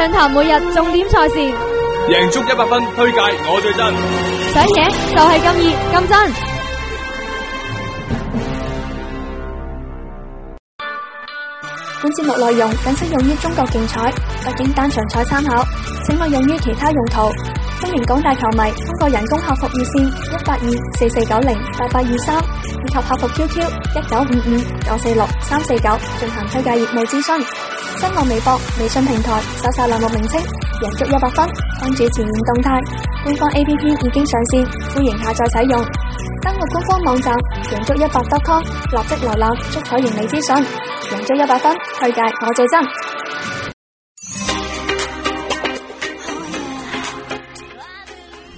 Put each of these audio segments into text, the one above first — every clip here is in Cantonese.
上暢談每日重點賽事，贏足一百分推介，我最真。想贏就係、是、咁易咁真。本節目內容僅適用於中國競彩北京單場彩參考，請勿用於其他用途。歡迎廣大球迷通過人工客服熱線一八二四四九零八八二三以及客服 QQ 一九五五九四六三四九，進行推介業務諮詢。新浪微博、微信平台搜索欄目名稱贏足一百分，關注前沿動態。官方 APP 已經上線，歡迎下載使用。登錄官方網站贏足一百 .com，立即瀏覽足彩盈利資訊。贏足一百分，推介我最真。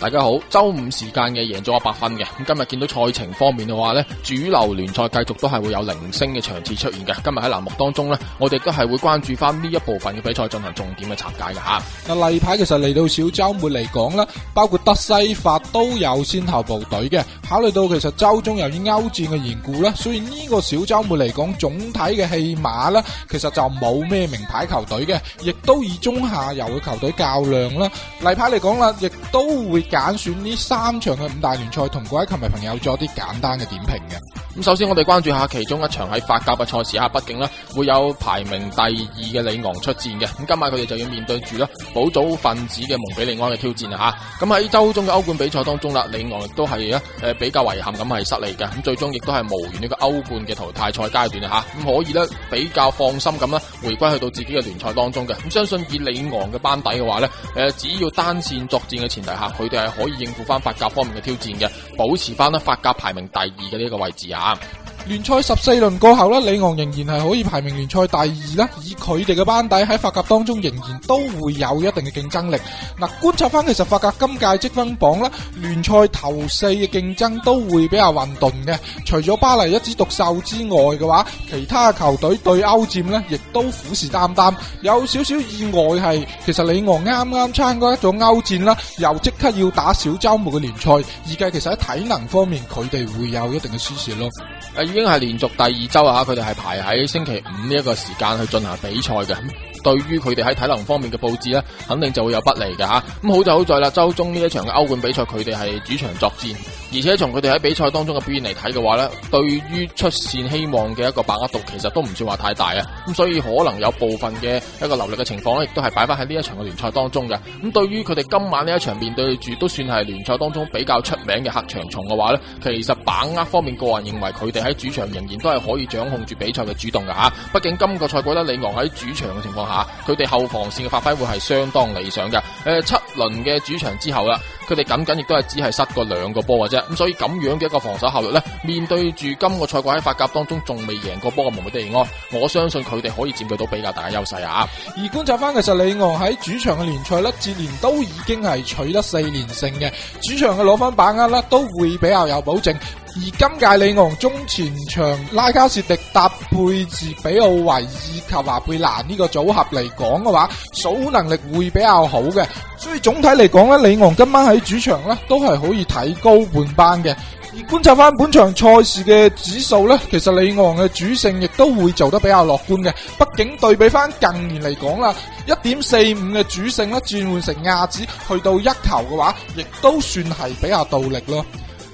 大家好，周五時間嘅贏足 100FUN 嘅。咁今日見到賽程方面嘅話咧，主流聯賽繼續都係會有零星嘅場次出現嘅。今日喺欄目當中呢，我哋都係會關注翻呢一部分嘅比賽進行重點嘅拆解嘅吓。嗱、啊，例牌其實嚟到小周末嚟講咧，包括德西法都有先頭部隊嘅。考慮到其實周中由於歐戰嘅緣故咧，所以呢個小周末嚟講，總體嘅戲碼呢，其實就冇咩名牌球隊嘅，亦都以中下游嘅球隊較量啦。例牌嚟講啦，亦都會。揀選呢三場嘅五大聯賽，同各位球迷朋友做一啲簡單嘅點評嘅。咁首先我哋關注下其中一場喺法甲嘅賽事吓，畢竟咧會有排名第二嘅里昂出戰嘅，咁今晚佢哋就要面對住啦保組分子嘅蒙彼利安嘅挑戰啊吓！咁喺周中嘅歐冠比賽當中啦，里昂亦都係咧誒比較遺憾咁係失利嘅，咁最終亦都係無緣呢個歐冠嘅淘汰賽階段啊吓，咁可以咧比較放心咁啦，回歸去到自己嘅聯賽當中嘅，咁相信以里昂嘅班底嘅話咧，誒只要單線作戰嘅前提下，佢哋係可以應付翻法甲方面嘅挑戰嘅，保持翻咧法甲排名第二嘅呢個位置啊！啊。聯賽十四輪過後咧，里昂仍然係可以排名聯賽第二啦。以佢哋嘅班底喺法甲當中仍然都會有一定嘅競爭力。嗱，觀察翻其實法甲今屆積分榜咧，聯賽頭四嘅競爭都會比較混沌嘅。除咗巴黎一枝獨秀之外嘅話，其他球隊對歐戰呢亦都虎視眈眈。有少少意外係，其實里昂啱啱參加咗歐戰啦，又即刻要打小週末嘅聯賽。而計其實喺體能方面佢哋會有一定嘅輸蝕咯。誒，已經係連續第二周啊！佢哋係排喺星期五呢一個時間去進行比賽嘅。對於佢哋喺體能方面嘅布置咧，肯定就會有不利嘅吓。咁、嗯、好就好在啦，周中呢一場嘅歐冠比賽，佢哋係主場作戰，而且從佢哋喺比賽當中嘅表現嚟睇嘅話咧，對於出線希望嘅一個把握度，其實都唔算話太大啊。咁所以可能有部分嘅一個留力嘅情況咧，亦都係擺翻喺呢一場嘅聯賽當中嘅。咁對於佢哋今晚呢一場面對住都算係聯賽當中比較出名嘅黑長蟲嘅話咧，其實把握方面個人認為佢哋。喺主場仍然都係可以掌控住比賽嘅主動嘅吓，畢竟今個賽季咧，李昂喺主場嘅情況下，佢哋後防線嘅發揮會係相當理想嘅。誒、呃，七輪嘅主場之後啦，佢哋僅僅亦都係只係失過兩個波嘅啫。咁所以咁樣嘅一個防守效率咧，面對住今個賽季喺法甲當中仲未贏過波嘅蒙迪尼安，我相信佢哋可以佔據到比較大嘅優勢啊。而觀察翻其實李昂喺主場嘅聯賽咧，接連都已經係取得四連勝嘅，主場嘅攞分把握咧都會比較有保證。而今屆里昂中前場拉卡士迪、迪搭配住比奧維以及華貝蘭呢個組合嚟講嘅話，守能力會比較好嘅，所以總體嚟講咧，里昂今晚喺主場咧都係可以睇高半班嘅。而觀察翻本場賽事嘅指數咧，其實里昂嘅主勝亦都會做得比較樂觀嘅，畢竟對比翻近年嚟講啦，一點四五嘅主勝咧轉換成亞指去到一球嘅話，亦都算係比較倒力咯。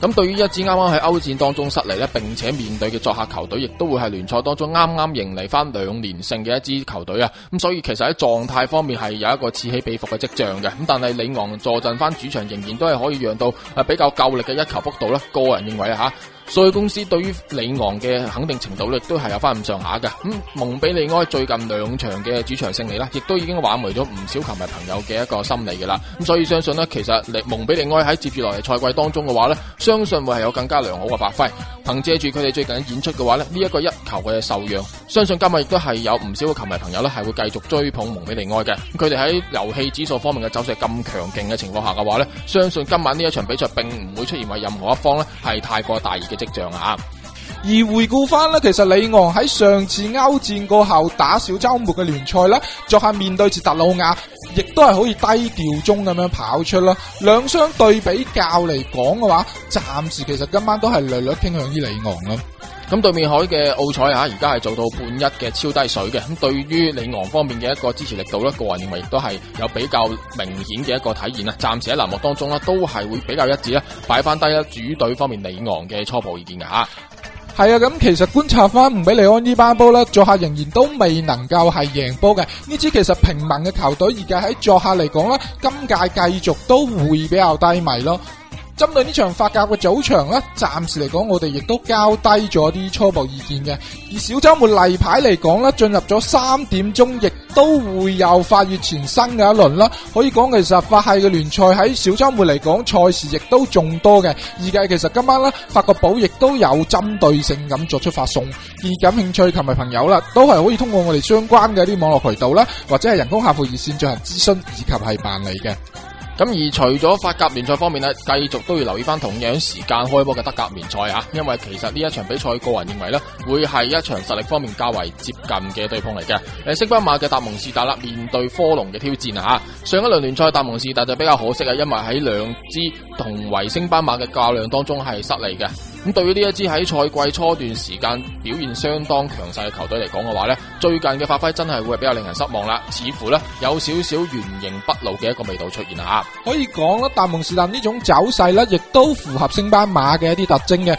咁對於一支啱啱喺歐戰當中失利，咧，並且面對嘅作客球隊，亦都會係聯賽當中啱啱迎嚟翻兩連勝嘅一支球隊啊！咁所以其實喺狀態方面係有一個此起彼伏嘅跡象嘅。咁但係李昂坐陣翻主場，仍然都係可以讓到啊比較夠力嘅一球幅度啦。個人認為啊。所以公司對於里昂嘅肯定程度，亦都係有翻咁上下嘅。咁、嗯、蒙比利埃最近兩場嘅主場勝利啦，亦都已經挽迴咗唔少球迷朋友嘅一個心理嘅啦。咁所以相信咧，其實蒙比利埃喺接住落嚟賽季當中嘅話咧，相信會係有更加良好嘅發揮，憑借住佢哋最近嘅演出嘅話咧，呢、這、一個一球嘅受讓，相信今日亦都係有唔少嘅球迷朋友咧，係會繼續追捧蒙比利埃嘅。咁佢哋喺遊戲指數方面嘅走勢咁強勁嘅情況下嘅話咧，相信今晚呢一場比賽並唔會出現係任何一方咧係太過大熱嘅。跡象啊！而回顧翻咧，其實李昂喺上次歐戰過後打小週末嘅聯賽咧，作下面對住特魯亞，亦都係可以低調中咁樣跑出啦。兩相對比較嚟講嘅話，暫時其實今晚都係略略傾向於李昂咁對面海嘅澳彩啊，而家係做到半一嘅超低水嘅。咁對於李昂方面嘅一個支持力度咧，個人認為亦都係有比較明顯嘅一個體現啦。暫時喺欄目當中咧，都係會比較一致啦，擺翻低一主隊方面李昂嘅初步意見啊。係啊，咁其實觀察翻唔俾利安班呢班波呢，作客仍然都未能夠係贏波嘅。呢支其實平民嘅球隊而家喺作客嚟講咧，今屆繼續都會比較低迷咯。針對呢場法甲嘅早場呢，暫時嚟講，我哋亦都交低咗啲初步意見嘅。而小週末例牌嚟講呢，進入咗三點鐘，亦都會有法乙前身嘅一輪啦。可以講，其實法系嘅聯賽喺小週末嚟講，賽事亦都眾多嘅。而家其實今晚呢，法國寶亦都有針對性咁作出發送，而感興趣球迷朋友啦，都係可以通過我哋相關嘅啲網絡渠道啦，或者係人工客服熱線進行諮詢以及係辦理嘅。咁而除咗法甲聯賽方面呢，繼續都要留意翻同樣時間開波嘅德甲聯賽啊，因為其實呢一場比賽，個人認為呢會係一場實力方面較為接近嘅對碰嚟嘅。誒，星斑馬嘅達蒙士達啦，面對科隆嘅挑戰啊吓，上一輪聯賽達蒙士達就比較可惜啊，因為喺兩支同為星斑馬嘅較量當中係失利嘅。咁對於呢一支喺賽季初段時間表現相當強勢嘅球隊嚟講嘅話呢，最近嘅發揮真係會比較令人失望啦，似乎呢有少少原形畢露嘅一個味道出現啊！可以講啦，大蒙士林呢種走勢呢，亦都符合升班馬嘅一啲特徵嘅。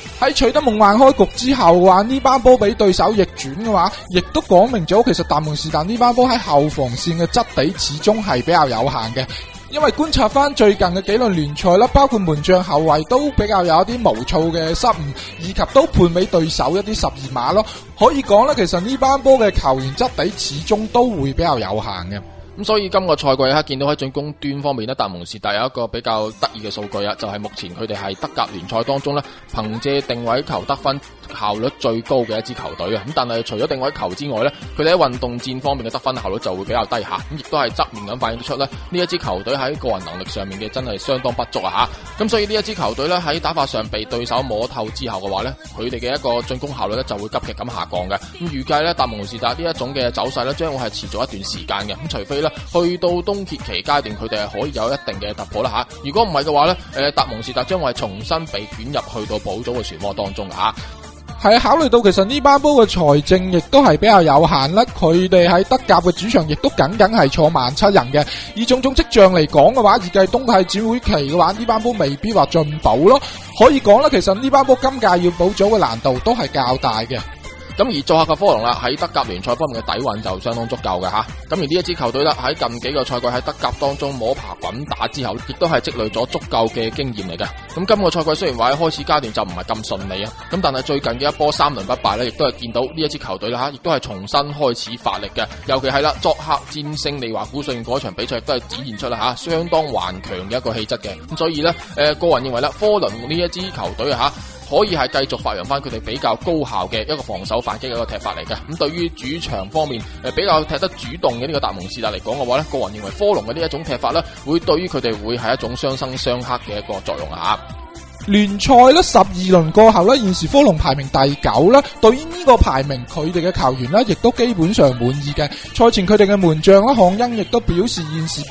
喺取得夢幻開局之後，話呢班波俾對手逆轉嘅話，亦都講明咗其實大門是但呢班波喺後防線嘅質地始終係比較有限嘅。因為觀察翻最近嘅幾輪聯賽啦，包括門將、後衛都比較有一啲毛躁嘅失誤，以及都判俾對手一啲十二碼咯。可以講咧，其實呢班波嘅球員質地始終都會比較有限嘅。咁、嗯、所以今個賽季咧，見到喺進攻端方面呢達蒙士達有一個比較得意嘅數據啊，就係、是、目前佢哋係德甲聯賽當中咧，憑借定位球得分效率最高嘅一支球隊啊。咁、嗯、但係除咗定位球之外咧，佢哋喺運動戰方面嘅得分效率就會比較低下，咁亦都係側面咁反映出咧呢一支球隊喺個人能力上面嘅真係相當不足啊。吓、嗯，咁所以呢一支球隊咧喺打法上被對手摸透之後嘅話咧，佢哋嘅一個進攻效率咧就會急劇咁下降嘅。咁預計咧，達蒙士達呢一種嘅走勢咧，將會係持續一段時間嘅。咁、嗯、除非，去到冬歇期階段，佢哋係可以有一定嘅突破啦吓。如果唔係嘅話咧，誒、呃，達蒙士達將會係重新被捲入去到保組嘅漩渦當中吓。係、啊、考慮到其實呢班波嘅財政亦都係比較有限啦，佢哋喺德甲嘅主場亦都僅僅係坐萬七人嘅。以種種跡象嚟講嘅話，而計冬季轉會期嘅話，呢班波未必話進補咯。可以講啦，其實呢班波今屆要保組嘅難度都係較大嘅。咁而作客嘅科隆啦，喺德甲聯賽方面嘅底蘊就相當足夠嘅吓。咁而呢一支球隊啦，喺近幾個賽季喺德甲當中摸爬滾打之後，亦都係積累咗足夠嘅經驗嚟嘅。咁今個賽季雖然話喺開始階段就唔係咁順利啊，咁但係最近嘅一波三輪不敗咧，亦都係見到呢一支球隊啦吓，亦都係重新開始發力嘅。尤其係啦，作客戰勝利華古遜嗰一場比賽都係展現出啦吓，相當頑強嘅一個氣質嘅。咁所以呢，誒、呃、個人認為啦，科隆呢一支球隊吓。可以係繼續發揚翻佢哋比較高效嘅一個防守反擊嘅一個踢法嚟嘅，咁對於主場方面誒、呃、比較踢得主動嘅呢個達蒙斯達嚟講嘅話咧，個人認為科隆嘅呢一種踢法咧，會對於佢哋會係一種相生相克嘅一個作用啊！聯賽咧十二輪過後咧，現時科隆排名第九啦，對於呢個排名佢哋嘅球員咧，亦都基本上滿意嘅。賽前佢哋嘅門將啦，康恩亦都表示現時。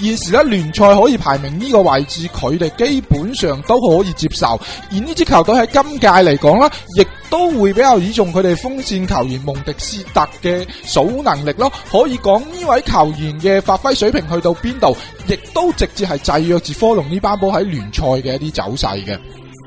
現時咧聯賽可以排名呢個位置，佢哋基本上都可以接受。而呢支球隊喺今屆嚟講啦，亦都會比較倚重佢哋鋒線球員蒙迪斯特嘅數能力咯。可以講呢位球員嘅發揮水平去到邊度，亦都直接係制約住科隆呢班波喺聯賽嘅一啲走勢嘅。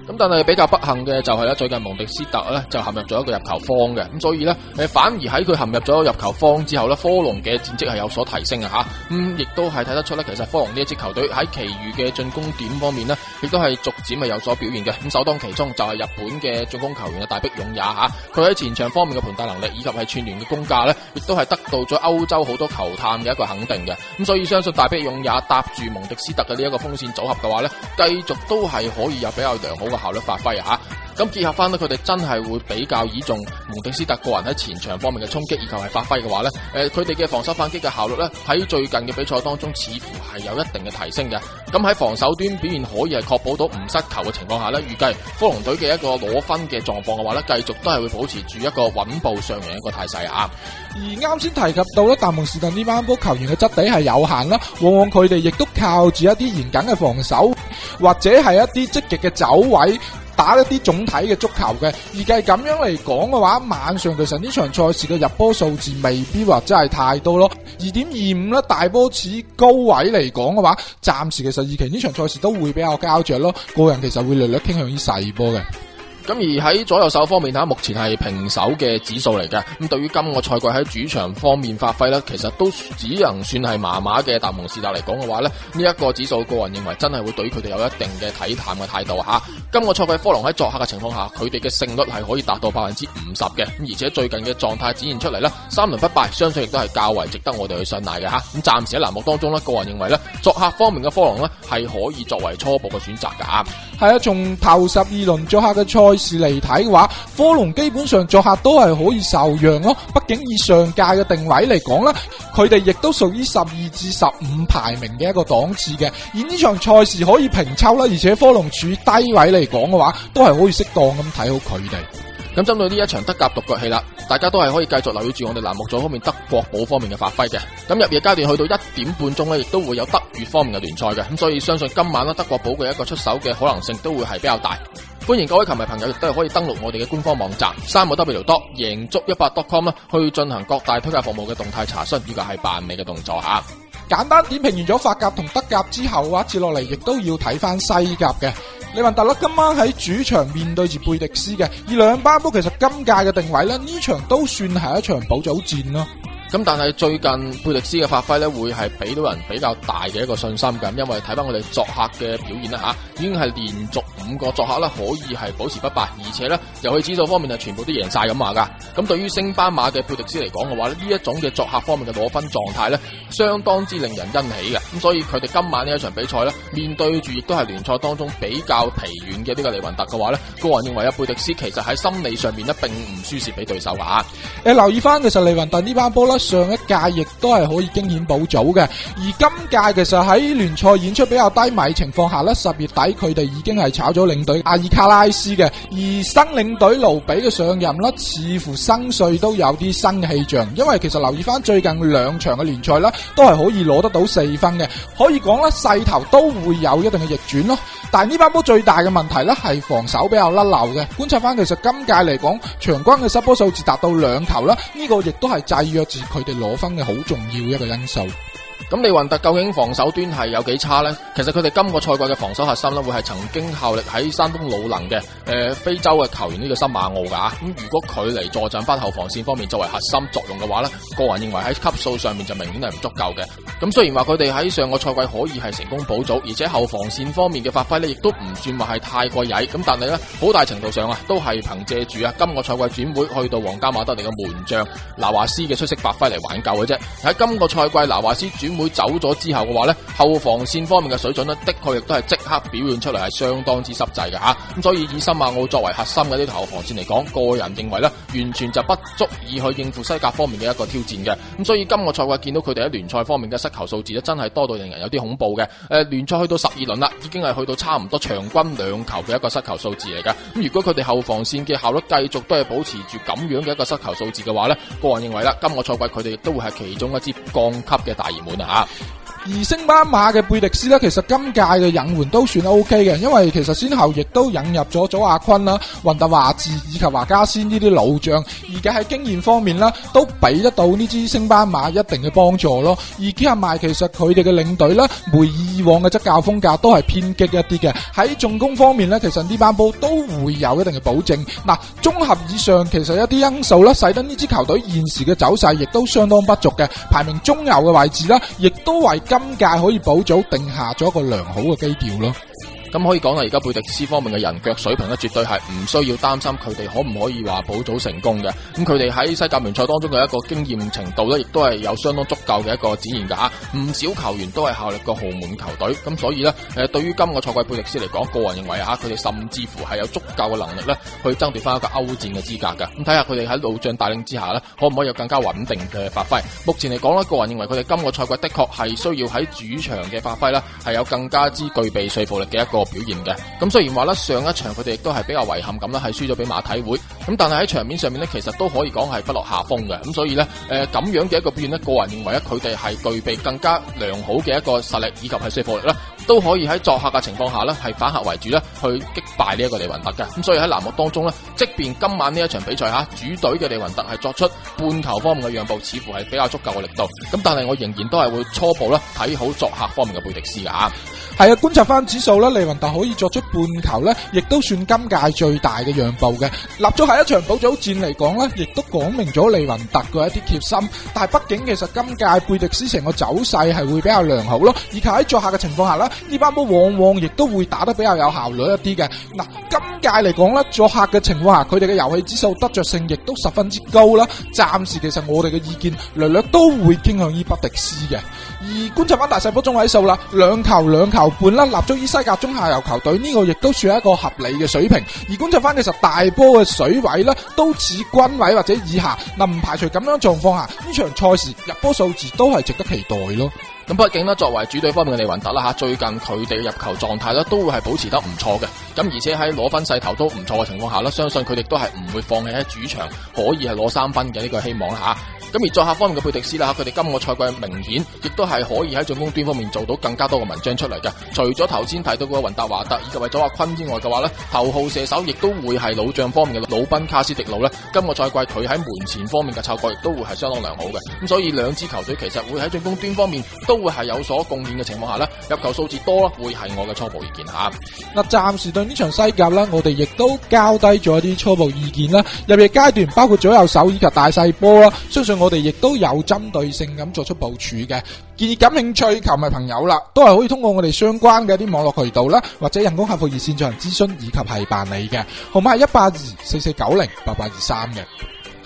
咁但係比較不幸嘅就係咧，最近蒙迪斯特咧就陷入咗一個入球荒嘅，咁所以呢，誒反而喺佢陷入咗入球荒之後呢，科隆嘅戰績係有所提升嘅吓，咁亦都係睇得出咧，其實科隆呢一支球隊喺其餘嘅進攻點方面呢，亦都係逐漸係有所表現嘅。咁首當其衝就係日本嘅進攻球員嘅大迫勇也吓，佢喺前場方面嘅盤帶能力以及係串聯嘅攻架呢，亦都係得到咗歐洲好多球探嘅一個肯定嘅。咁所以相信大迫勇也搭住蒙迪斯特嘅呢一個鋒線組合嘅話呢，繼續都係可以有比較良好嘅。效率發揮啊吓，咁結合翻咧，佢哋真係會比較倚重蒙迪斯特個人喺前場方面嘅衝擊，以及係發揮嘅話咧，誒，佢哋嘅防守反擊嘅效率咧，喺最近嘅比賽當中似乎係有一定嘅提升嘅。咁喺防守端表現可以係確保到唔失球嘅情況下咧，預計科隆隊嘅一個攞分嘅狀況嘅話咧，繼續都係會保持住一個穩步上揚一個態勢啊。而啱先提及到咧，大蒙士頓呢班波球員嘅質地係有限啦，往往佢哋亦都靠住一啲嚴謹嘅防守。或者係一啲積極嘅走位，打一啲總體嘅足球嘅，而計咁樣嚟講嘅話，晚上其實呢場賽事嘅入波數字未必話真係太多咯。二點二五咧，大波似高位嚟講嘅話，暫時其實二期呢場賽事都會比較膠着咯。個人其實會略略傾向於細波嘅。咁而喺左右手方面，吓目前係平手嘅指數嚟嘅。咁對於今個賽季喺主場方面發揮咧，其實都只能算係麻麻嘅。但蒙士達嚟講嘅話咧，呢、呢、一個指數個人認為真係會對佢哋有一定嘅睇淡嘅態度吓。今個賽季科隆喺作客嘅情況下，佢哋嘅勝率係可以達到百分之五十嘅。而且最近嘅狀態展現出嚟咧，三輪不敗，相信亦都係較為值得我哋去信賴嘅吓。咁暫時喺欄目當中咧，個人認為咧，作客方面嘅科隆咧係可以作為初步嘅選擇噶。係啊，從頭十二輪作客嘅賽事嚟睇嘅話，科隆基本上作客都係可以受讓咯。畢竟以上屆嘅定位嚟講啦，佢哋亦都屬於十二至十五排名嘅一個檔次嘅。而呢場賽事可以平抽啦，而且科隆處低位嚟講嘅話，都係可以適當咁睇好佢哋。咁針對呢一場德甲獨腳戲啦，大家都係可以繼續留意住我哋欄目組方面德國寶方面嘅發揮嘅。咁入夜階段去到一點半鐘咧，亦都會有德乙方面嘅聯賽嘅。咁所以相信今晚咧，德國寶嘅一個出手嘅可能性都會係比較大。歡迎各位球迷朋友亦都係可以登錄我哋嘅官方網站 www. 贏足一百 .com 啦，去進行各大推介服務嘅動態查詢以及係辦理嘅動作吓。簡單點評完咗法甲同德甲之後，啊，接落嚟亦都要睇翻西甲嘅。你問達甩今晚喺主場面對住貝迪斯嘅而兩班波，其實今屆嘅定位咧，呢場都算係一場保組戰咯。咁但係最近佩迪斯嘅發揮咧，會係俾到人比較大嘅一個信心嘅，因為睇翻我哋作客嘅表現啦吓，已經係連續五個作客啦，可以係保持不敗，而且咧遊戲指數方面係全部都贏晒咁話噶。咁對於升班馬嘅佩迪斯嚟講嘅話咧，呢一種嘅作客方面嘅攞分狀態咧，相當之令人欣喜嘅。咁所以佢哋今晚呢一場比賽咧，面對住亦都係聯賽當中比較疲軟嘅呢個利雲特嘅話咧，個人認為啊，佩迪斯其實喺心理上面咧，並唔輸蝕俾對手啊誒，留意翻其實利雲特呢班波啦。上一屆亦都係可以驚險保組嘅，而今屆其實喺聯賽演出比較低迷情況下呢，十月底佢哋已經係炒咗領隊阿爾卡拉斯嘅，而新領隊盧比嘅上任呢，似乎新帥都有啲新嘅氣象，因為其實留意翻最近兩場嘅聯賽呢，都係可以攞得到四分嘅，可以講呢勢頭都會有一定嘅逆轉咯。但係呢班波最大嘅問題呢係防守比較甩漏嘅，觀察翻其實今屆嚟講，場均嘅失波數字達到兩球啦，呢、這個亦都係制約住佢哋攞分嘅好重要一個因素。咁利雲特究竟防守端係有幾差呢？其實佢哋今個賽季嘅防守核心咧，會係曾經效力喺山東魯能嘅誒、呃、非洲嘅球員呢個新馬奧噶。咁、啊、如果佢嚟助陣翻後防線方面作為核心作用嘅話呢，個人認為喺級數上面就明顯係唔足夠嘅。咁雖然話佢哋喺上個賽季可以係成功補組，而且後防線方面嘅發揮呢亦都唔算話係太過曳。咁但係呢，好大程度上啊，都係憑借住啊今個賽季轉會去到皇家馬德里嘅門將拿華斯嘅出色發揮嚟挽救嘅啫。喺今個賽季，拿華斯轉。會走咗之後嘅話呢，後防線方面嘅水準呢，的確亦都係即刻表現出嚟係相當之濕滯嘅吓。咁所以以森馬奧作為核心嘅呢，後防線嚟講，個人認為呢，完全就不足以去應付西甲方面嘅一個挑戰嘅。咁所以今個賽季見到佢哋喺聯賽方面嘅失球數字咧，真係多到令人有啲恐怖嘅。誒，聯賽去到十二輪啦，已經係去到差唔多場均兩球嘅一個失球數字嚟嘅。咁如果佢哋後防線嘅效率繼續都係保持住咁樣嘅一個失球數字嘅話呢，個人認為啦，今個賽季佢哋都會係其中一支降級嘅大熱門啊！啊。而升班馬嘅貝迪斯呢，其實今屆嘅引援都算 O K 嘅，因為其實先後亦都引入咗左阿坤啦、雲達華治以及華家先呢啲老將，而家喺經驗方面呢，都畀得到呢支升班馬一定嘅幫助咯。而兼埋其實佢哋嘅領隊呢，回以往嘅執教風格都係偏激一啲嘅。喺進攻方面呢，其實呢班波都會有一定嘅保證。嗱、啊，綜合以上，其實一啲因素呢，使得呢支球隊現時嘅走勢亦都相當不俗嘅，排名中游嘅位置呢，亦都為今屆可以補早定下咗一個良好嘅基調咯。咁可以講啦，而家貝迪斯方面嘅人腳水平咧，絕對係唔需要擔心佢哋可唔可以話補組成功嘅。咁佢哋喺西甲聯賽當中嘅一個經驗程度咧，亦都係有相當足夠嘅一個展現噶吓。唔少球員都係效力過豪門球隊，咁所以呢，誒，對於今個賽季貝迪斯嚟講，個人認為啊，佢哋甚至乎係有足夠嘅能力咧，去爭奪翻一個歐戰嘅資格噶。咁睇下佢哋喺老將帶領之下呢，可唔可以有更加穩定嘅發揮？目前嚟講咧，個人認為佢哋今個賽季的確係需要喺主場嘅發揮啦，係有更加之具備說服力嘅一個。個表現嘅，咁雖然話咧，上一場佢哋亦都係比較遺憾咁啦，係輸咗俾馬體會，咁但係喺場面上面咧，其實都可以講係不落下風嘅，咁所以咧，誒、呃、咁樣嘅一個表現咧，個人認為咧，佢哋係具備更加良好嘅一個實力以及係說服力啦。都可以喺作客嘅情況下呢，係反客為主呢，去擊敗呢一個利雲特嘅。咁所以喺欄目當中呢，即便今晚呢一場比賽吓，主隊嘅利雲特係作出半球方面嘅讓步，似乎係比較足夠嘅力度。咁但係我仍然都係會初步呢睇好作客方面嘅貝迪斯嘅吓。係啊，觀察翻指數呢，利雲特可以作出半球呢，亦都算今屆最大嘅讓步嘅。立咗喺一場補組戰嚟講呢，亦都講明咗利雲特嘅一啲決心。但係畢竟其實今屆貝迪斯成個走勢係會比較良好咯，以及喺作客嘅情況下呢。呢班波往往亦都會打得比較有效率一啲嘅。嗱，今屆嚟講呢，作客嘅情況下，佢哋嘅遊戲指數得着性亦都十分之高啦。暫時其實我哋嘅意見略略都會傾向於北迪斯嘅。而觀察翻大細波中位數啦，兩球兩球半啦，立足於西甲中下游球隊呢個亦都算係一個合理嘅水平。而觀察翻其實大波嘅水位呢，都似均位或者以下。嗱，唔排除咁樣狀況下，呢場賽事入波數字都係值得期待咯。咁畢竟咧，作為主隊方面嘅利雲達啦吓，最近佢哋入球狀態咧都會係保持得唔錯嘅。咁而且喺攞分勢頭都唔錯嘅情況下咧，相信佢哋都係唔會放棄喺主場可以係攞三分嘅呢個希望吓。咁而作客方面嘅佩迪斯啦，佢哋今個賽季明顯亦都係可以喺進攻端方面做到更加多嘅文章出嚟嘅。除咗頭先提到嘅雲達華特以及為咗阿坤之外嘅話咧，頭號射手亦都會係老將方面嘅魯賓卡斯迪魯咧。今個賽季佢喺門前方面嘅嗅覺亦都會係相當良好嘅。咁所以兩支球隊其實會喺進攻端方面都都會係有所貢獻嘅情況下咧，入球數字多啦，會係我嘅初步意見吓。嗱，暫時對呢場西甲咧，我哋亦都交低咗一啲初步意見啦。入夜階段包括左右手以及大細波啦，相信我哋亦都有針對性咁作出部署嘅。建議感興趣球迷朋友啦，都係可以通過我哋相關嘅一啲網絡渠道啦，或者人工客服熱線進行諮詢以及係辦理嘅，號碼係一八二四四九零八八二三嘅。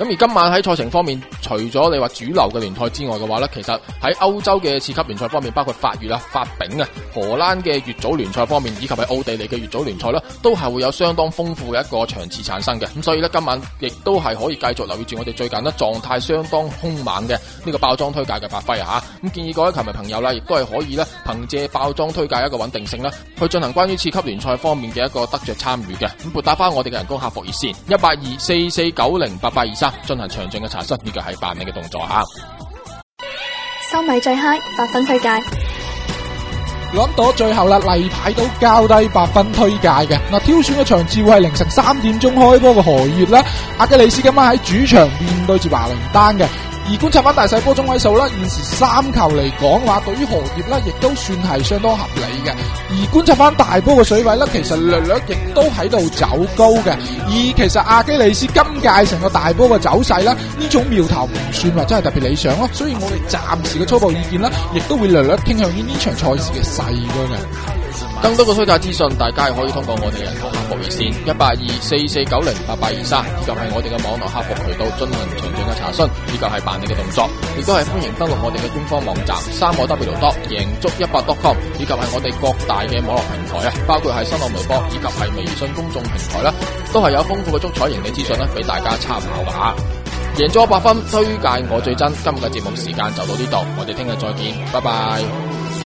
咁而今晚喺賽程方面，除咗你話主流嘅聯賽之外嘅話呢，其實喺歐洲嘅次級聯賽方面，包括法乙啊、法丙啊、荷蘭嘅乙組聯賽方面，以及係奧地利嘅乙組聯賽啦，都係會有相當豐富嘅一個場次產生嘅。咁所以呢，今晚亦都係可以繼續留意住我哋最近呢狀態相當凶猛嘅呢個爆莊推介嘅發揮啊！吓咁建議各位球迷朋友啦，亦都係可以呢憑借爆莊推介一個穩定性啦，去進行關於次級聯賽方面嘅一個得着參與嘅。咁撥打翻我哋嘅人工客服熱線一八二四四九零八八二三。進行詳盡嘅查詢，呢個係辦理嘅動作啊！收米最嗨，八分推介。諗到最後啦，例牌都交低八分推介嘅。嗱，挑選嘅場次會係凌晨三點鐘開波嘅荷月啦。阿格里斯今晚喺主場面對住華倫丹嘅。而觀察翻大細波中位數咧，現時三球嚟講話，對於荷葉咧，亦都算係相當合理嘅。而觀察翻大波嘅水位咧，其實略略亦都喺度走高嘅。而其實阿基里斯今屆成個大波嘅走勢咧，呢種苗頭唔算話真係特別理想咯。所以我哋暫時嘅初步意見呢，亦都會略略傾向於呢場賽事嘅細嘅。更多嘅推介資訊，大家係可以通過我哋嘅人工客服熱線一八二四四九零八八二三，823，以及係我哋嘅網絡客服渠道進行詳盡嘅查詢，以及係辦理嘅動作，亦都係歡迎登錄我哋嘅官方網站三個 w 點贏足一百點 com 以及係我哋各大嘅網絡平台啊，包括係新浪微博以及係微信公眾平台啦，都係有豐富嘅足彩贏利資訊咧俾大家參考噶吓。贏咗一百分，推介我最真。今日嘅節目時間就到呢度，我哋聽日再見，拜拜。